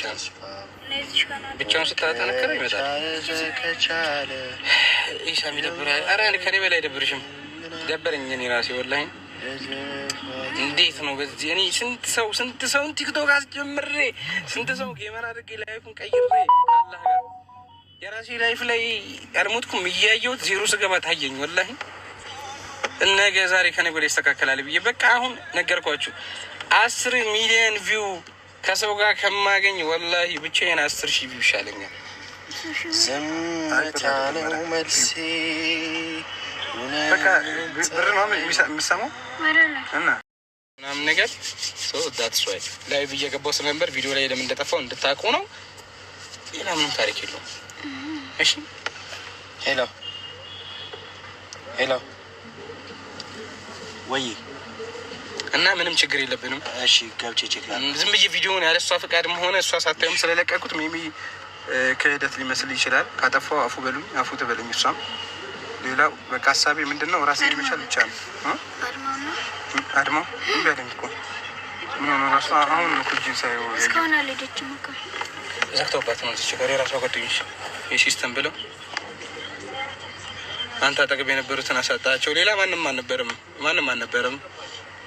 ይሻል። ብቻውን ስታጠነክረ ይመጣል። ይደብራል። አረ ከኔ በላይ አይደብርሽም? ደበረኝ እኔ ራሴ ወላሂ። እንዴት ነው በዚህ እኔ ስንት ሰው ስንት ሰውን ቲክቶክ አስጀምሬ ስንት ሰው ጌመር አድርጌ ላይፉን ቀይሬ የራሴ ላይፍ ላይ አልሞትኩም። እያየሁት ዜሮ ስገባ ታየኝ ወላሂ። ዛሬ ከነገ ወዲያ ይስተካከላል ብዬ በቃ አሁን ነገርኳችሁ። አስር ሚሊዮን ቪው ከሰው ጋር ከማገኝ ወላሂ ብቻዬን አስር ሺህ ይሻለኛል። ዝምታ ነው መልሴ። ብር ነው የምሰማው እና ምናምን ነገር ሰው ዳትስዋይ ላይቭ እየገባው ስለነበር ቪዲዮ ላይ ለምን እንደጠፋው እንድታውቁ ነው። ሌላ ምንም ታሪክ የለውም። እሺ ሄሎ ሄሎ ወይ እና ምንም ችግር የለብንም። እሺ ገብቼ ችግር ዝም ብዬ ቪዲዮውን ያለ እሷ ፍቃድም ሆነ እሷ ሳታዩም ስለለቀኩት ሜቢ ክህደት ሊመስል ይችላል። ካጠፋው አፉ በሉኝ፣ አፉ ትበልኝ። እሷም ሌላው በቃ ሀሳቤ ምንድን ነው ራሴ መቻል ብቻ ነው። አድማው በለኝ እኮ ምን ሆነ ራሱ አሁን ኩጅን ሳይሆን ዘግተውባት ነው ጋር የራሷ ጓደኞች የሲስተም ብለው አንተ አጠገብ የነበሩትን አሳጣቸው። ሌላ ማንም አልነበረም፣ ማንም አልነበረም።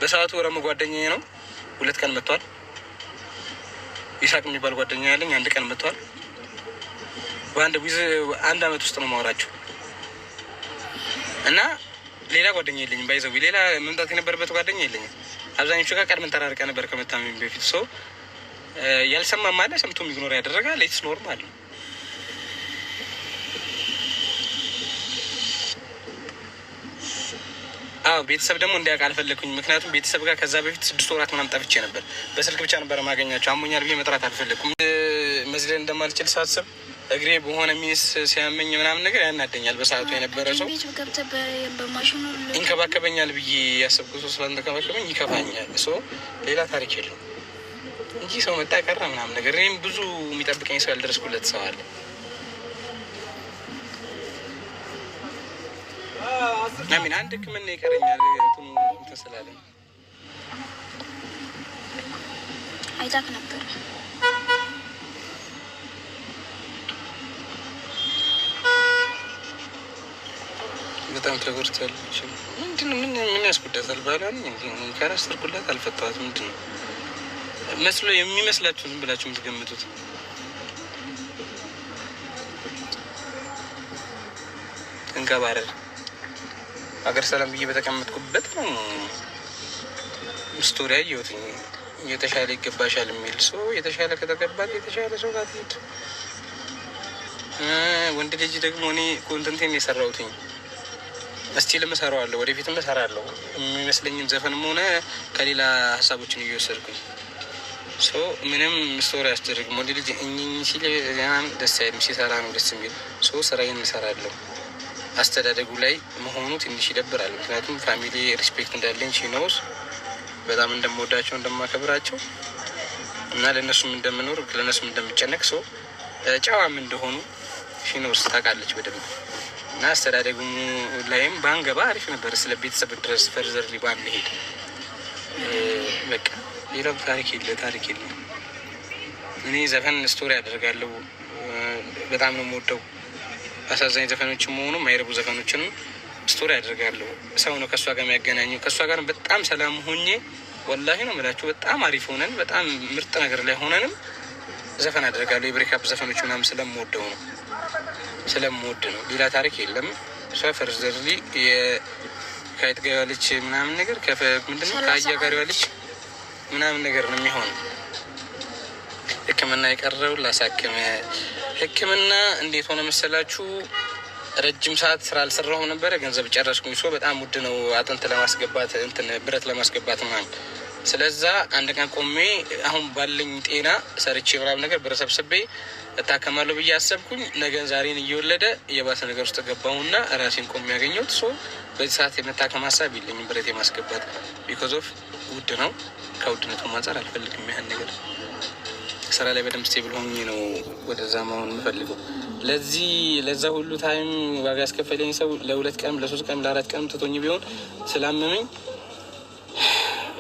በሰዓቱ ረሞ ጓደኛዬ ነው። ሁለት ቀን መጥቷል። ይሳቅ የሚባል ጓደኛ ያለኝ አንድ ቀን መጥቷል። በአንድ ዊዝ አንድ አመት ውስጥ ነው ማወራቸው እና ሌላ ጓደኛ የለኝም። ባይዘው ሌላ መምጣት የነበረበት ጓደኛ የለኝም። አብዛኞቹ ጋር ቀድመን ተራርቀ ነበር ከመታመሚ በፊት ሰው ያልሰማ ማለ ሰምቶ ኢግኖር ያደረጋ ሌትስ ኖርማል ነው። አዎ ቤተሰብ ደግሞ እንዲያውቅ አልፈለግኩኝ። ምክንያቱም ቤተሰብ ጋር ከዛ በፊት ስድስት ወራት ምናምን ጠፍቼ ነበር። በስልክ ብቻ ነበር ማገኛቸው። አሞኛል ብዬ መጥራት አልፈለግኩም። መዝለል እንደማልችል ሳስብ እግሬ በሆነ ሚስ ሲያመኝ ምናምን ነገር ያናደኛል። በሰዓቱ የነበረ ሰው ይንከባከበኛል ብዬ ያሰብኩ ሰው ስላልተንከባከበኝ ይከፋኛል። ሰው ሌላ ታሪክ የለው። እንጂ ሰው መጣ ቀረ ምናምን ነገር እኔም ብዙ የሚጠብቀኝ ሰው ያልደረስኩለት ሰው አለ። አሚን አንድ ህክምና ይቀረኛል። እንትን ስላለኝ አይታክ ነበር። በጣም ምንድን ምን ምን ያስጎዳታል? ባሏ ካላስተርኩላት አልፈታዋት። ምንድን ነው መስሎ የሚመስላችሁ ዝም ብላችሁ የምትገምቱት? አገር ሰላም ብዬ በተቀመጥኩበት ነው ስቶሪ አየሁትኝ። የተሻለ ይገባሻል የሚል ሰው የተሻለ ከተገባት የተሻለ ሰው ጋር ትሄድ። ወንድ ልጅ ደግሞ እኔ ኮንተንቴን የሰራሁትኝ እስቲልም እሰራዋለሁ፣ ወደፊትም እሰራለሁ። የሚመስለኝም ዘፈንም ሆነ ከሌላ ሀሳቦችን እየወሰድኩኝ ምንም ስቶሪ አስደርግም። ወንድ ልጅ እኝኝ ሲል ደስ አይልም፣ ሲሰራ ነው ደስ የሚል። ስራዬን እሰራለሁ። አስተዳደጉ ላይ መሆኑ ትንሽ ይደብራል። ምክንያቱም ፋሚሊ ሪስፔክት እንዳለኝ ሲኖስ በጣም እንደምወዳቸው እንደማከብራቸው እና ለእነሱም እንደምኖር ለእነሱም እንደምጨነቅ ሰው ጨዋም እንደሆኑ ሲኖርስ ታውቃለች በደንብ እና አስተዳደጉ ላይም ባንገባ አሪፍ ነበር። ስለ ቤተሰብ ድረስ ፈርዘር ሊባን ሄድ በቃ ሌላው ታሪክ የለ ታሪክ የለ። እኔ ዘፈን ስቶሪ አደርጋለሁ። በጣም ነው የምወደው አሳዛኝ ዘፈኖችን መሆኑ ማይረቡ ዘፈኖችን ስቶሪ አደርጋለሁ። ሰው ነው ከእሷ ጋር የሚያገናኘው። ከእሷ ጋር በጣም ሰላም ሆኜ ወላሂ ነው የምላችሁ። በጣም አሪፍ ሆነን በጣም ምርጥ ነገር ላይ ሆነንም ዘፈን አደርጋለሁ። የብሬካፕ ዘፈኖች ምናምን ስለምወደው ነው ስለምወድ ነው። ሌላ ታሪክ የለም። እሷ ፈርዘርሊ ከየት ጋር ያለች ምናምን ነገር ምንድነው ከአያ ጋር ያለች ምናምን ነገር ነው የሚሆነው። ሕክምና የቀረው ላሳክመ ህክምና እንዴት ሆነ መሰላችሁ? ረጅም ሰዓት ስራ አልሰራሁም ነበረ። ገንዘብ ጨረስኩኝ። ሶ በጣም ውድ ነው፣ አጥንት ለማስገባት እንትን ብረት ለማስገባት ማለት ስለዛ አንድ ቀን ቆሜ አሁን ባለኝ ጤና ሰርቼ ምናምን ነገር ብር ሰብስቤ እታከማለሁ ብዬ አሰብኩኝ። ነገን ዛሬን እየወለደ የባሰ ነገር ውስጥ ገባሁና ራሴን ቆሜ ያገኘሁት። ሶ በዚህ ሰዓት የመታከም ሀሳብ የለኝም ብረት የማስገባት ቢኮዝ ኦፍ ውድ ነው። ከውድነቱ ማንጻር አልፈልግም ያህል ነገር ስራ ላይ በደንብ ስቴብል ሆኜ ነው ወደዛ መሆን የምፈልገው። ለዚህ ለዛ ሁሉ ታይም ዋጋ ያስከፈለኝ ሰው ለሁለት ቀን ለሶስት ቀን ለአራት ቀን ትቶኝ ቢሆን ስላመመኝ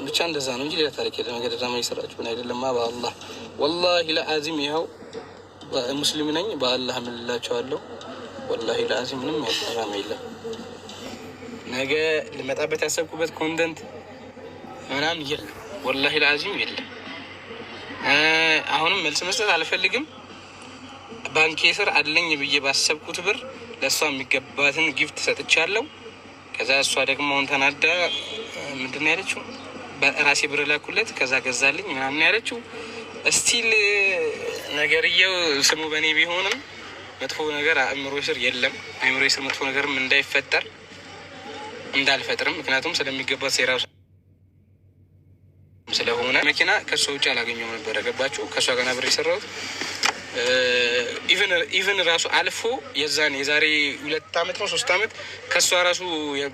ብቻ እንደዛ ነው እንጂ ሌላ ታሪክ የለም። ገደዳማ የሰራችሁን አይደለም። በአላህ ወላሂ ለአዚም ይኸው ሙስሊም ነኝ በአላህ ምልላቸዋለሁ። ወላሂ ለአዚም ምንም ያጠራም የለም። ነገ ልመጣበት ያሰብኩበት ኮንተንት ምናምን የለም። ወላሂ ለአዚም የለም። አሁንም መልስ መስጠት አልፈልግም። ባንኬ ስር አለኝ ብዬ ባሰብኩት ብር ለእሷ የሚገባትን ጊፍት ሰጥቻለሁ። ከዛ እሷ ደግሞ አሁን ተናዳ ምንድን ነው ያለችው? በራሴ ብር ላኩለት፣ ከዛ ገዛልኝ ምናምን ያለችው እስቲል ነገርየው ስሙ በእኔ ቢሆንም መጥፎ ነገር አእምሮ ስር የለም። አእምሮ ስር መጥፎ ነገርም እንዳይፈጠር እንዳልፈጥርም ምክንያቱም ስለሚገባት ሴራ ስለሆነ መኪና ከእሷ ውጭ አላገኘው ነበር። ገባችሁ? ከእሷ ጋር ነበር የሰራሁት። ኢቨን ራሱ አልፎ የዛን የዛሬ ሁለት ዓመት ነው ሶስት ዓመት ከእሷ ራሱ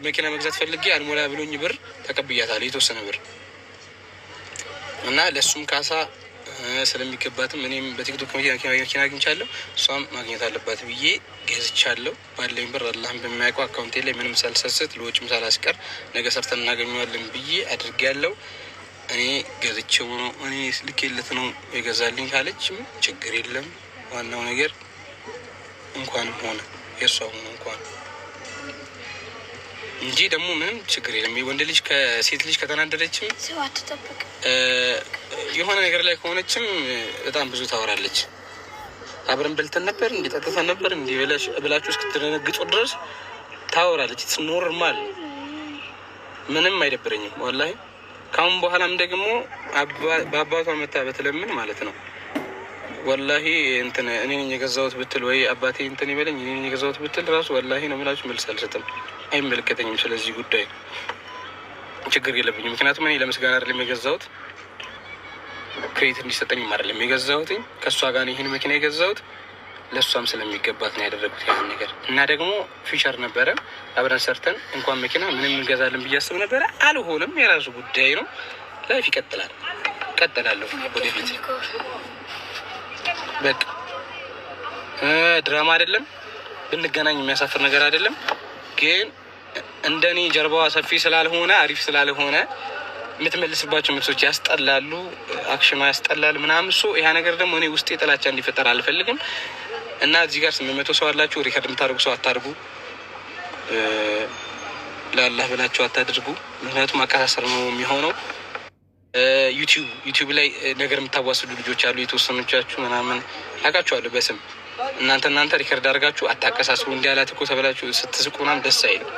መኪና መግዛት ፈልጌ አልሞላ ብሎኝ ብር ተቀብያታለሁ፣ የተወሰነ ብር እና ለእሱም ካሳ ስለሚገባትም እኔም በቲክቶክ መኪና አግኝቻለሁ፣ እሷም ማግኘት አለባት ብዬ ገዝቻለሁ። ባለኝ ብር አላህም በሚያውቀው አካውንቴ ላይ ምንም ሳልሰስት ለወጭም ሳላስቀር ነገ ሰርተን እናገኘዋለን ብዬ አድርጌያለሁ። እኔ ገዝቼው ነው እኔ ስልኬለት ነው የገዛልኝ ካለች ችግር የለም። ዋናው ነገር እንኳንም ሆነ የእሷም እንኳን እንጂ ደግሞ ምንም ችግር የለም። ወንድ ልጅ ከሴት ልጅ ከተናደደችም የሆነ ነገር ላይ ከሆነችም በጣም ብዙ ታወራለች። አብረን በልተን ነበር እንዲ ጠጥተን ነበር እንዲ ብላችሁ እስክትደነግጡ ድረስ ታወራለች። ኖርማል ምንም አይደብረኝም ወላሂ ካሁን በኋላም ደግሞ በአባቷ መታ በትለምን ማለት ነው። ወላሂ እንትን እኔን የገዛሁት ብትል ወይ አባቴ እንትን ይበለኝ እኔን የገዛሁት ብትል ራሱ ወላሂ ነው የምላችሁ መልስ አልሰጥም። አይመለከተኝም ስለዚህ ጉዳይ ችግር የለብኝም። ምክንያቱም እኔ ለምስጋና አይደለም የገዛሁት ክሬት እንዲሰጠኝም አይደለም የገዛሁትኝ ከእሷ ጋር ይህን መኪና የገዛሁት ለእሷም ስለሚገባት ነው ያደረጉት ያን ነገር እና ደግሞ ፊቸር ነበረ አብረን ሰርተን እንኳን መኪና ምንም እንገዛለን ብዬ አስብ ነበረ። አልሆንም። የራሱ ጉዳይ ነው። ላይፍ ይቀጥላል። ቀጥላለሁ ወደፊት በቃ ድራማ አይደለም። ብንገናኝ የሚያሳፍር ነገር አይደለም። ግን እንደኔ ጀርባዋ ሰፊ ስላልሆነ አሪፍ ስላልሆነ የምትመልስባቸው ምርቶች ያስጠላሉ፣ አክሽኗ ያስጠላል ምናምን። እሱ ያ ነገር ደግሞ እኔ ውስጤ ጥላቻ እንዲፈጠር አልፈልግም። እና እዚህ ጋር ስምንት መቶ ሰው አላችሁ። ሪከርድ የምታደርጉ ሰው አታድርጉ፣ ለአላህ ብላችሁ አታድርጉ። ምክንያቱም አቀሳሰር ነው የሚሆነው። ዩቲዩብ ዩቲዩብ ላይ ነገር የምታዋስዱ ልጆች አሉ፣ የተወሰኖቻችሁ ምናምን አውቃችኋለሁ በስም እናንተ እናንተ ሪከርድ አድርጋችሁ አታቀሳስሩ። እንዲህ አላት እኮ ተብላችሁ ስትስቁ ምናምን ደስ አይልም።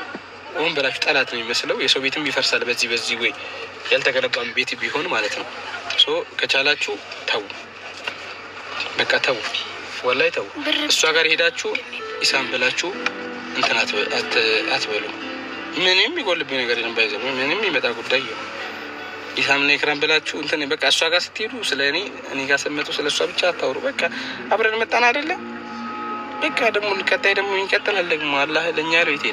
ሆን ብላችሁ ጠላት ነው የሚመስለው። የሰው ቤትም ይፈርሳል በዚህ በዚህ ወይ ያልተገነባም ቤት ቢሆን ማለት ነው። ሶ ከቻላችሁ ተው፣ በቃ ተው። ወላይ ተው። እሷ ጋር ሄዳችሁ ኢሳም ብላችሁ እንትን አትበሉ። ምንም ይጎልብኝ ነገር የለም። ባይዘ ምንም ይመጣ ጉዳይ ነው። ኢሳም ነው ክረም ብላችሁ እንትን በቃ እሷ ጋር ስትሄዱ ስለ እኔ እኔ ጋር ስትመጡ ስለ እሷ ብቻ አታውሩ። በቃ አብረን መጣን አይደለ? በቃ ደግሞ ቀጣይ ደግሞ ይቀጥላል። ደግሞ አላህ ለእኛ ያለው የት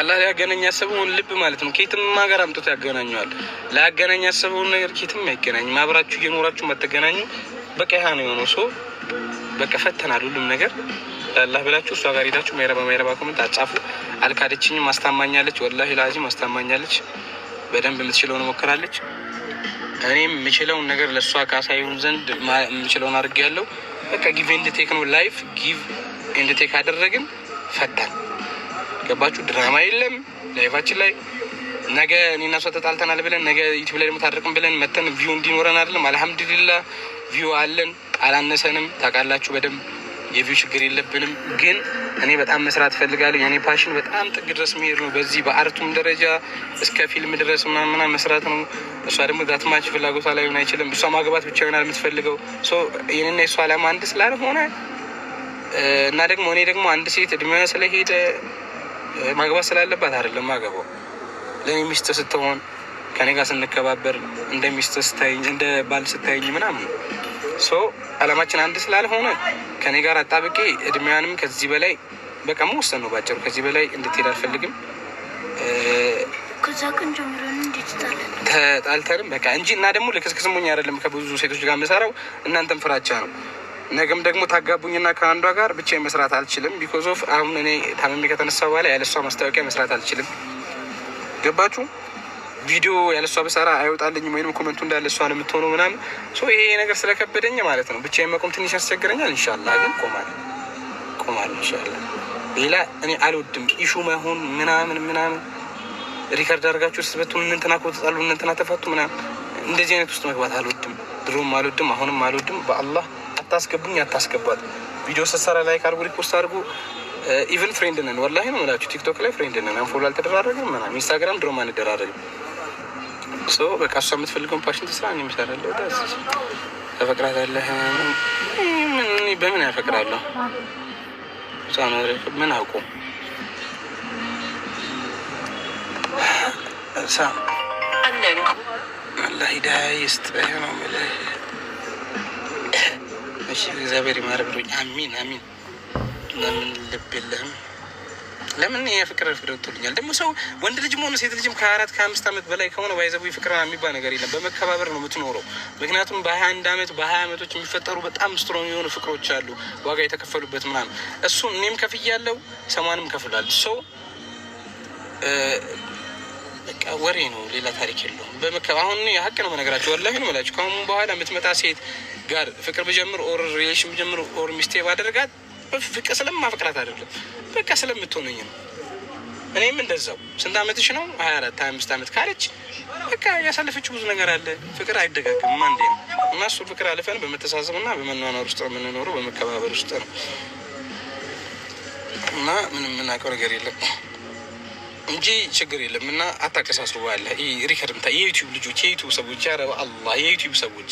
አላህ ሊያገናኝ ያሰበውን ልብ ማለት ነው ከየትም ሀገር አምጥቶ ያገናኘዋል። ላያገናኝ ያሰበውን ነገር ከየትም አይገናኝም። አብራችሁ እየኖራችሁ አትገናኙ። በቃ ይህ ነው ሰው በቃ ፈተና ሁሉም ነገር ላላህ ብላችሁ እሷ ጋር ሄዳችሁ መረባ ማይረባ ኮመንት አጻፉ። አልካደችኝም፣ ማስታማኛለች፣ ወላሂ ላዚም ማስታማኛለች። በደንብ የምትችለውን ሞክራለች። እኔም የምችለውን ነገር ለእሷ ካሳ ይሁን ዘንድ የምችለውን አድርግ ያለው በቃ ጊቭ ኤንድ ቴክ ነው ላይፍ። ጊቭ ኤንድ ቴክ አደረግን ፈታል። ገባችሁ? ድራማ የለም ላይፋችን ላይ ነገ እኔና እሷ ተጣልተናል ብለን ነገ ዩቲብ ላይ ደግሞ ታርቅም ብለን መተን ቪው እንዲኖረን አይደለም። አልሐምዱሊላ ቪው አለን፣ አላነሰንም። ታውቃላችሁ በደንብ የቪው ችግር የለብንም። ግን እኔ በጣም መስራት እፈልጋለሁ። የኔ ፓሽን በጣም ጥግ ድረስ መሄድ ነው። በዚህ በአርቱም ደረጃ እስከ ፊልም ድረስ ምናምና መስራት ነው። እሷ ደግሞ ዛትማች ፍላጎቷ ላይ ሆን አይችልም። እሷ ማግባት ብቻ ይሆናል የምትፈልገው። ይህንና የእሷ ዓላማ አንድ ስላልሆነ እና ደግሞ እኔ ደግሞ አንድ ሴት እድሜ ስለሄደ ማግባት ስላለባት አይደለም ማገባው ለእኔ ሚስት ስትሆን ከኔ ጋር ስንከባበር እንደ ሚስት ስታይኝ እንደ ባል ስታይኝ ምናምን ሶ አላማችን አንድ ስላልሆነ ከኔ ጋር አጣብቄ እድሜዋንም ከዚህ በላይ በቃ መወሰን ነው ባጭሩ። ከዚህ በላይ እንድትሄድ አልፈልግም። ተጣልተንም በቃ እንጂ እና ደግሞ ሙኝ አይደለም ከብዙ ሴቶች ጋር የምሰራው እናንተም ፍራቻ ነው። ነገም ደግሞ ታጋቡኝና ከአንዷ ጋር ብቻ መስራት አልችልም። ቢኮዝ ኦፍ አሁን እኔ ታመሜ ከተነሳ በኋላ ያለሷ ማስታወቂያ መስራት አልችልም። ገባችሁ? ቪዲዮ ያለሷ በሰራ አይወጣልኝም ወይም ኮመንቱ እንዳለ እሷ ነው የምትሆነው ምናምን ይሄ ነገር ስለከበደኝ ማለት ነው። ብቻ የመቆም ትንሽ ያስቸግረኛል። እንሻላ ግን ቆማል ቆማል። እንሻላ ሌላ እኔ አልወድም ኢሹ መሆን ምናምን ምናምን ሪከርድ አድርጋችሁ እርስ በቱ እንንትና እኮ ተጣሉ እንንትና ተፋቱ ምናምን እንደዚህ አይነት ውስጥ መግባት አልወድም። ድሮም አልወድም፣ አሁንም አልወድም። በአላህ አታስገቡኝ፣ አታስገቧት። ቪዲዮ ስትሰራ ላይክ አድርጉ፣ ሪፖስት አድርጉ። ኢቨን ፍሬንድ ነን፣ ወላሂ ነው የምላችሁ። ቲክቶክ ላይ ፍሬንድ ነን፣ አንፎሎ አልተደራረግም ምናምን። ኢንስታግራም ድሮም አንደራረግም። ሰው በቃ እሷ የምትፈልገውን ፓሽን ትስራ ነው የሚሰራለው። ተፈቅራታለህ? በምን ያፈቅራለሁ? ምን አውቁ ሂዳ ይስጥ ነው የምልህ። እሺ እግዚአብሔር ይማረ አሚን አሚን። ለምን ልብ የለህም? ለምን የፍቅር ፍቅር ትሉኛል? ደግሞ ሰው ወንድ ልጅም ሆነ ሴት ልጅም ከአራት ከአምስት አመት በላይ ከሆነ ባይዘቡ ፍቅር የሚባል ነገር የለም። በመከባበር ነው የምትኖረው። ምክንያቱም በሀያ አንድ አመት በሀያ አመቶች የሚፈጠሩ በጣም ስትሮንግ የሆኑ ፍቅሮች አሉ፣ ዋጋ የተከፈሉበት ምናምን። እሱ እኔም ከፍ ያለው ሰማንም ከፍላል። ሰው በቃ ወሬ ነው፣ ሌላ ታሪክ የለውም። በመከ አሁን የሀቅ ነው መነገራቸው፣ ወላሂ ነው መላቸው። ከአሁን በኋላ የምትመጣ ሴት ጋር ፍቅር ብጀምር ኦር ሪሌሽን ብጀምር ኦር ሚስቴ ባደርጋት በፍቅር ስለማፈቅራት አይደለም፣ በቃ ስለምትሆነኝ ነው። እኔም እንደዛው ስንት አመትሽ ነው? ሀያ አራት ሀያ አምስት አመት ካለች በቃ ያሳለፈችው ብዙ ነገር አለ። ፍቅር አይደጋግም አንዴ ነው እና እሱ ፍቅር አልፈን በመተሳሰብ እና በመኗኗር ውስጥ ነው የምንኖረው፣ በመከባበር ውስጥ ነው እና ምንም የምናውቀው ነገር የለም እንጂ ችግር የለም። እና አታቀሳስሩ ባለ የዩቲዩብ ልጆች የዩቲዩብ ሰዎች ያረ አላህ የዩቲዩብ ሰዎች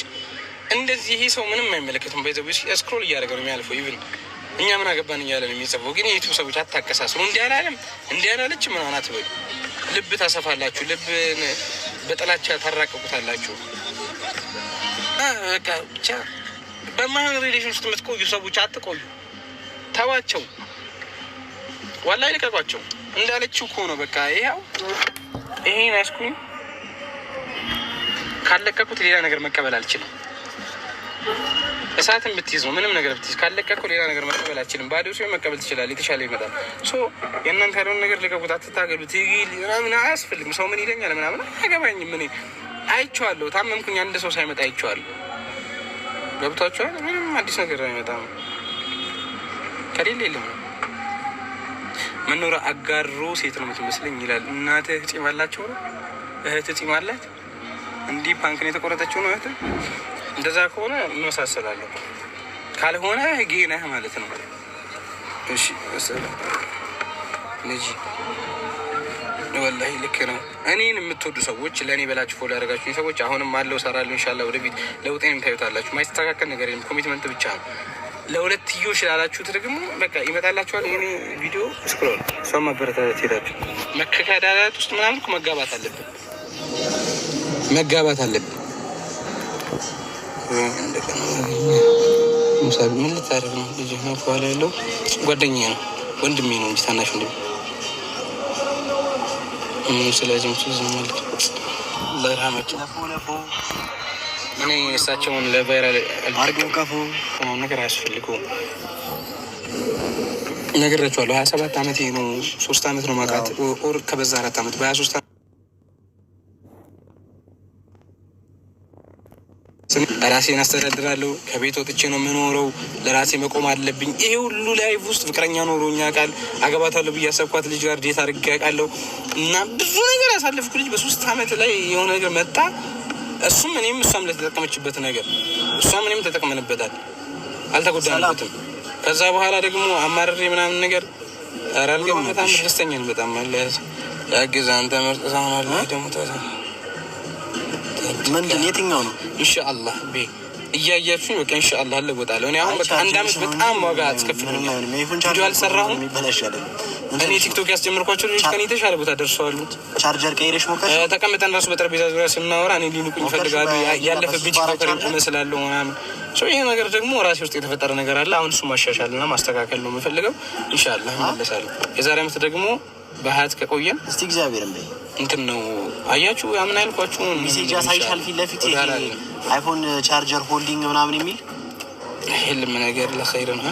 እንደዚህ ይሄ ሰው ምንም አይመለከቱም። ባይዘ ስክሮል እያደረገ ነው የሚያልፈው ይብን እኛ ምን አገባን እያለን የሚጽፈው ግን የኢትዮ ሰዎች አታቀሳስሩ። እንዲህ አላለም እንዲህ አላለች ምናምን አትበሉ። ልብ ታሰፋላችሁ። ልብ በጥላቻ ታራቀቁታላችሁ። በቃ ብቻ በማህን ሪሌሽን ውስጥ የምትቆዩ ሰዎች አትቆዩ። ተዋቸው፣ ዋላ ይልቀቋቸው። እንዳለችው እኮ ነው። በቃ ይኸው ይሄ ናስኩኝ። ካለቀቁት ሌላ ነገር መቀበል አልችልም። እሳትን ብትይዘው ነው። ምንም ነገር ብትይዝ ካለቀ እኮ ሌላ ነገር መቀበል አችልም። ባዶ ሲሆን መቀበል ትችላል፣ የተሻለ ይመጣል። ሶ የእናንተ ያለውን ነገር ልቀቁት፣ አትታገሉት። ምናምን አያስፈልግም። ሰው ምን ይለኛል ምናምን አያገባኝም። እኔ አይቼዋለሁ። ታመምኩኝ አንድ ሰው ሳይመጣ አይቼዋለሁ። ገብቷቸዋል። ምንም አዲስ ነገር አይመጣም። ከሌለ የለም። መኖር አጋሮ ሴት ነው የምትመስለኝ ይላል። እናትህ ጺም አላቸው ነው ጺም አላት። እንዲህ ፓንክን የተቆረጠችው ነው እህት እንደዛ ከሆነ እንመሳሰላለሁ፣ ካልሆነ ህጌ ነህ ማለት ነው። እሺ ልጅ ወላሂ ልክ ነው። እኔን የምትወዱ ሰዎች ለእኔ በላችሁ ፎሎ ያደረጋችሁ ሰዎች አሁንም አለው ሰራለሁ። ኢንሻላህ ወደፊት ለውጤን የምታዩታላችሁ። ማይስተካከል ነገር የለም፣ ኮሚትመንት ብቻ ነው። ለሁለት ዮ ላላችሁት ደግሞ በቃ ይመጣላችኋል። ይህ ቪዲዮ ስክሮል ሰው ማበረታታት ሄዳችሁ መከዳዳት ውስጥ ምናምን መጋባት አለብን መጋባት አለብን። ምሳሌ ምን ልታደርግ ነው? ልጅ ነው ያለው ጓደኛ ነው ወንድሜ ነው እንጂ ታናሽ ወንድሜ። ስለዚህ እኔ እሳቸውን ለቫይራል ነገር አያስፈልገውም። ሀያ ሰባት ነው። ሶስት አመት ነው ማውቃት ኦር ከበዛ አራት አመት በሀያ ሶስት አልፈጽም፣ ራሴን አስተዳድራለሁ፣ ከቤት ወጥቼ ነው የምኖረው፣ ለራሴ መቆም አለብኝ። ይሄ ሁሉ ላይፍ ውስጥ ፍቅረኛ ኖሮኛ ቃል አገባታለሁ ብዬ ያሰብኳት ልጅ ጋር ዴት አድርጌ አውቃለሁ። እና ብዙ ነገር ያሳለፍኩ ልጅ በሶስት አመት ላይ የሆነ ነገር መጣ። እሱም እኔም እሷም ለተጠቀመችበት ነገር እሷም እኔም ተጠቅመንበታል፣ አልተጎዳንበትም። ከዛ በኋላ ደግሞ አማረሬ ምናምን ነገር ራልገ በጣም ደስተኛ በጣም ያግዝ አንተ ሳሆናል ሰሆናል ተዛ ምንድን የትኛው ነው? ኢንሻአላህ ቤ እያያችሁኝ በቃ ኢንሻአላህ እለወጣለሁ። እኔ አሁን በቃ አንድ አመት በጣም ዋጋ አስከፍሎኛል። አልሰራሁም። እኔ ቲክቶክ ያስጀምርኳቸው ልጆች ከኔ የተሻለ ቦታ ደርሰዋሉ። ቻርጀር ቀይረሽ ሞከር ተቀምጠን ራሱ በጠረጴዛ ዙሪያ ስናወራ እኔ ሊንቁኝ ይፈልጋሉ። ያለፈብኝ ቲክቶከር እመስላለሁ ምናምን። ይሄ ነገር ደግሞ ራሴ ውስጥ የተፈጠረ ነገር አለ። አሁን እሱ ማሻሻል እና ማስተካከል ነው የምፈልገው። ኢንሻአላህ እመለሳለሁ። የዛሬ አመት ደግሞ በሀያት ከቆየን እስቲ እግዚአብሔር እንትን ነው አያችሁ። ያምን አይልኳችሁ ሚሴጅ ያሳይሻል ፊት ለፊት አይፎን ቻርጀር ሆልዲንግ ምናምን የሚል ህልም ነገር ለኸይር ነው።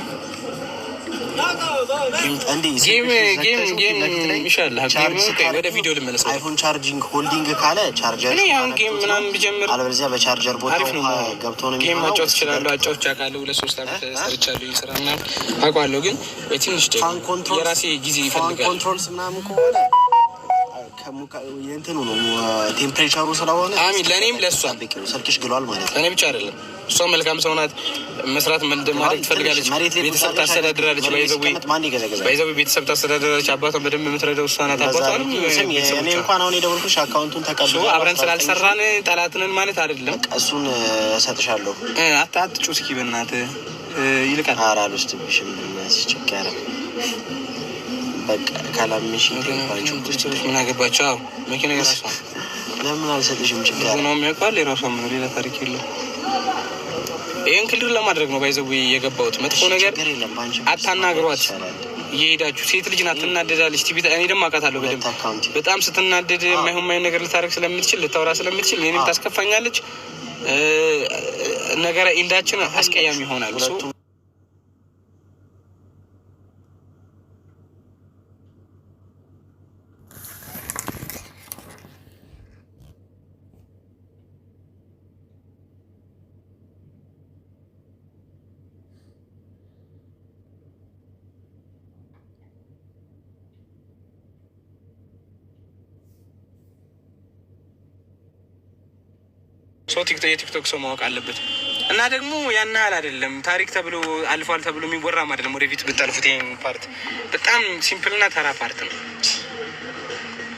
ወደ ቪዲዮ ልመለስ። አይፎን ቻርጂንግ ሆልዲንግ ካለ ቻርጀር ጌም ምናምን ብጀምር፣ አለበለዚያ በቻርጀር ቦታ ገብቶ ነው ጌም ማጫወት እችላለሁ። አጫዎች አውቃለሁ። ሁለት ሶስት ሰርቻለሁ። አውቃለሁ። ግን የራሴ ጊዜ ይፈልጋል። ኮንትሮልስ ምናምን ከሆነ እንትኑ ነው ቴምፕሬቸሩ ስለሆነ አሚን ለእኔም ለእሷ ስልክሽ ግሏል ማለት ነው። እኔ ብቻ አይደለም እሷ መልካም ሰው ናት። መስራት ማድረግ ትፈልጋለች። ቤተሰብ ታስተዳድራለች። ባይዘቡ ቤተሰብ ታስተዳድራለች። አባቷን በደንብ የምትረዳው እሷ ናት። አባቷንም እኔ እንኳን አሁን የደወልኩሽ አካውንቱን ተቀብሎ አብረን ስላልሰራን ጠላትንን ማለት አይደለም። እሱን እሰጥሻለሁ። አትጩ እስኪ በእናትህ ይልቃል ኧረ አልወስድብሽም። ችግር በቃ ካላምሽ ምን አገባቸው? አዎ መኪና የራሷ ለምን አልሰጥሽም? ችግር ነው የሚያውቀዋል። የራሷ ምን ሌላ ታሪክ የለም። ይህን ክልል ለማድረግ ነው ባይዘቡ የገባሁት። መጥፎ ነገር አታናግሯት። እየሄዳችሁ ሴት ልጅ ናት ትናደዳለች። ቲቪ እኔ ደግሞ አውቃታለሁ በደምብ በጣም ስትናደድ የማይሆን ነገር ልታደርግ ስለምትችል ልታወራ ስለምትችል እኔም ታስከፋኛለች። ነገረ ኢንዳችን አስቀያሚ ይሆናል። ሰው የቲክቶክ ሰው ማወቅ አለበት። እና ደግሞ ያን ያህል አይደለም ታሪክ ተብሎ አልፏል ተብሎ የሚወራም አይደለም። ወደፊት ብታልፉት ይሄን ፓርት በጣም ሲምፕልና ተራ ፓርት ነው።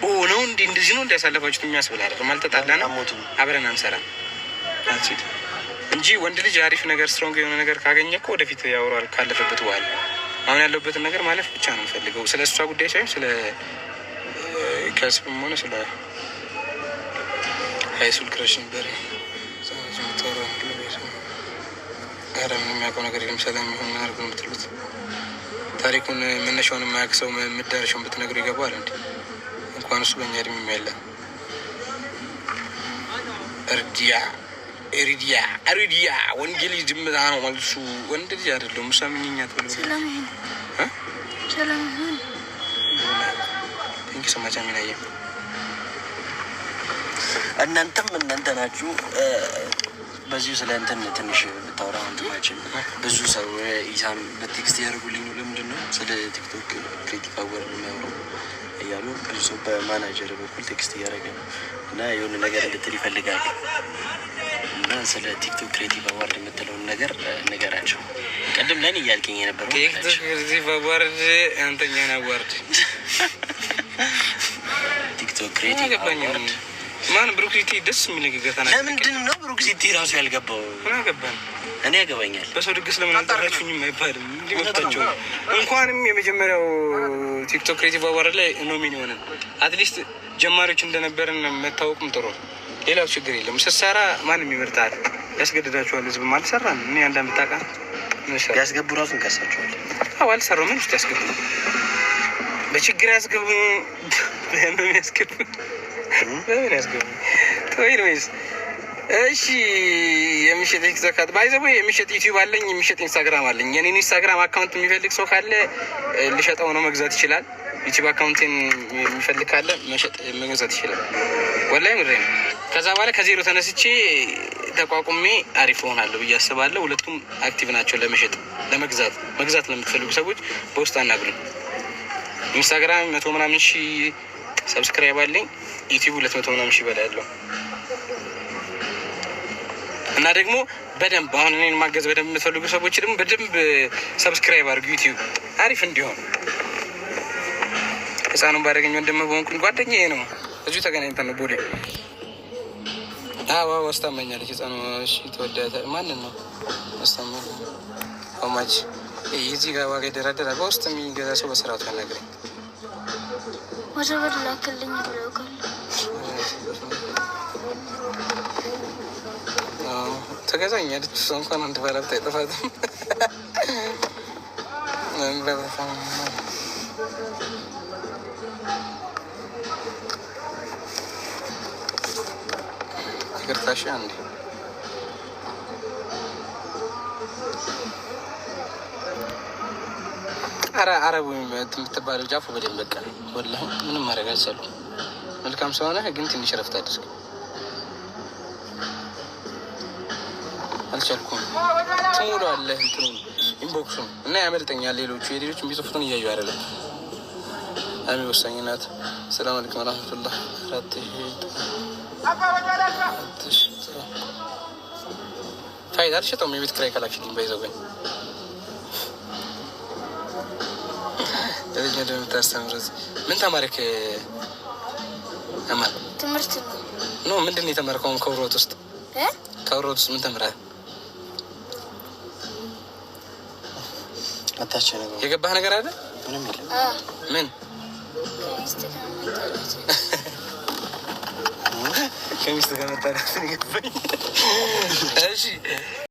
ኦ ነው እንዲ እንደዚህ ነው እንዲያሳለፋችሁት የሚያስብል አይደለም። አልተጣላን፣ አብረን አንሰራ እንጂ ወንድ ልጅ አሪፍ ነገር ስትሮንግ የሆነ ነገር ካገኘ እኮ ወደፊት ያወራል። ካለፈበት በኋላ አሁን ያለበትን ነገር ማለፍ ብቻ ነው የምፈልገው። ስለ እሷ ጉዳይ ሳይሆን ስለ ከስብም ሆነ ስለ ሀይሱል ክረሽን ነበር። ኧረ ምንም የሚያውቀው ነገር የለም። ሰላም የሆነ ምናደርግ ነው የምትሉት? ታሪኩን መነሻውን የማያውቅ ሰው መዳረሻውን ብትነግሩ ይገባል እንዲ እንኳን እሱ በእኛ እድሜ የሚያለ እርዲያ እርዲያ እርዲያ ወንድ ልጅ ድምጣ ነው መልሱ። ወንድ ልጅ አይደለም። ሙሳ ምንኛ ተብሎ ንኪ ሰማቻ ሚናየ እናንተም እናንተ ናችሁ። በዚሁ ስለ እንትን ትንሽ ብታወራ ጓደኞቻችን ብዙ ሰው ኢሳን በቴክስት ያደርጉልኝ ነው። ለምንድን ነው ስለ ቲክቶክ ክሪቲክ አወር የሚያወራው እያሉ ብዙ ሰው በማናጀር በኩል ቴክስት እያደረገ ነው እና የሆነ ነገር እንድትል ይፈልጋል እና ስለ ቲክቶክ ክሬቲቭ አዋርድ የምትለውን ነገር ነገራቸው። ቅድም ለን እያልገኝ የነበረው ቲክቶክ ክሬቲቭ አዋርድ አንተኛን አዋርድ ቲክቶክ ክሬቲቭ አዋርድ ማን ብሩክሲቲ ደስ የሚል ንግግር ተናግረህ ለምንድን ነው ብሩክሲቲ ራሱ ያልገባው? ምን አገባን? እኔ ያገባኛል። በሰው ድግስ ለምን አልጠራችሁኝም አይባልም። እንዲመጣቸው እንኳንም የመጀመሪያው ቲክቶክ ክሬቲቭ አዋር ላይ ኖሚኒ ሆነን አትሊስት ጀማሪዎች እንደነበርን መታወቁም ጥሩ። ሌላው ችግር የለም። ስትሰራ ማንም ይመርጣል፣ ያስገድዳቸዋል። ህዝብ አልሰራን እኔ አንድ ምታቃ ያስገቡ ራሱ እንቀሳቸዋል። አዎ አልሰራው ምን ውስጥ ያስገቡ በችግር ያስገቡ ያስገቡ ያስገቡ ወይ ወይስ እሺ የሚሸጥ ዘካት ባይዘቡ የሚሸጥ ዩቲዩብ አለኝ፣ የሚሸጥ ኢንስታግራም አለኝ። የኔን ኢንስታግራም አካውንት የሚፈልግ ሰው ካለ ልሸጠው ነው መግዛት ይችላል። ዩቲዩብ አካውንቴን የሚፈልግ ካለ መሸጥ መግዛት ይችላል። ወላይ ምሬ ነው። ከዛ በኋላ ከዜሮ ተነስቼ ተቋቁሜ አሪፍ እሆናለሁ ብዬ አስባለሁ። ሁለቱም አክቲቭ ናቸው ለመሸጥ ለመግዛት። መግዛት ለምትፈልጉ ሰዎች በውስጥ አናግሩኝ። ኢንስታግራም መቶ ምናምን ሺ ሰብስክራይብ አለኝ። ዩቲዩብ ሁለት መቶ ምናምን ሺ በላይ ያለው እና ደግሞ በደንብ አሁን እኔን ማገዝ በደንብ የምትፈልጉ ሰዎች ደግሞ በደንብ ሰብስክራይብ አድርጉ። ዩቲዩብ አሪፍ እንዲሆን ህፃኑን ባደገኝ ወንድም በሆንኩኝ ጓደኛ ይሄ ነው። እዚሁ ተገናኝተን ቦሌ አዋ ወስታመኛለች ህፃኑ ተወዳ ማንን ነው አስታመኝ ማች የዚህ ጋር ዋጋ ይደራደራል። በውስጥ የሚገዛ ሰው በስርዓቱ ያናግረኝ ወደ ብር ላክልኝ ብለው ስገዛኝ ያለች እሷ እንኳን አንድ በረብት አይጠፋትም። ይቅርታሽ አንዴ አረቡ የምትባለው ጃፎ በደንብ በቃ ወላሂ ምንም ማድረግ አልቻልኩም። መልካም ሰሆነ ግን ትንሽ ረፍት አድርግ። አልቻልኩም። እንትኑ ኢንቦክሱ እና ያመልጠኛል። ሌሎቹ የሌሎች የሚጽፉትን እያዩ አይደለም። አሚ ሰላም አለይኩም ፋይዳ አልሸጠውም። የቤት ክራይ ከላክሽልኝ ባይዘበኝ ለልጅ ምን ትምህርት ነው ምንድን ነው የተመርከውም ከብሮት ውስጥ ከብሮት ውስጥ ምን ተምራል? የገባህ ነገር አለ? ምን ከሚስት ጋር መጣላት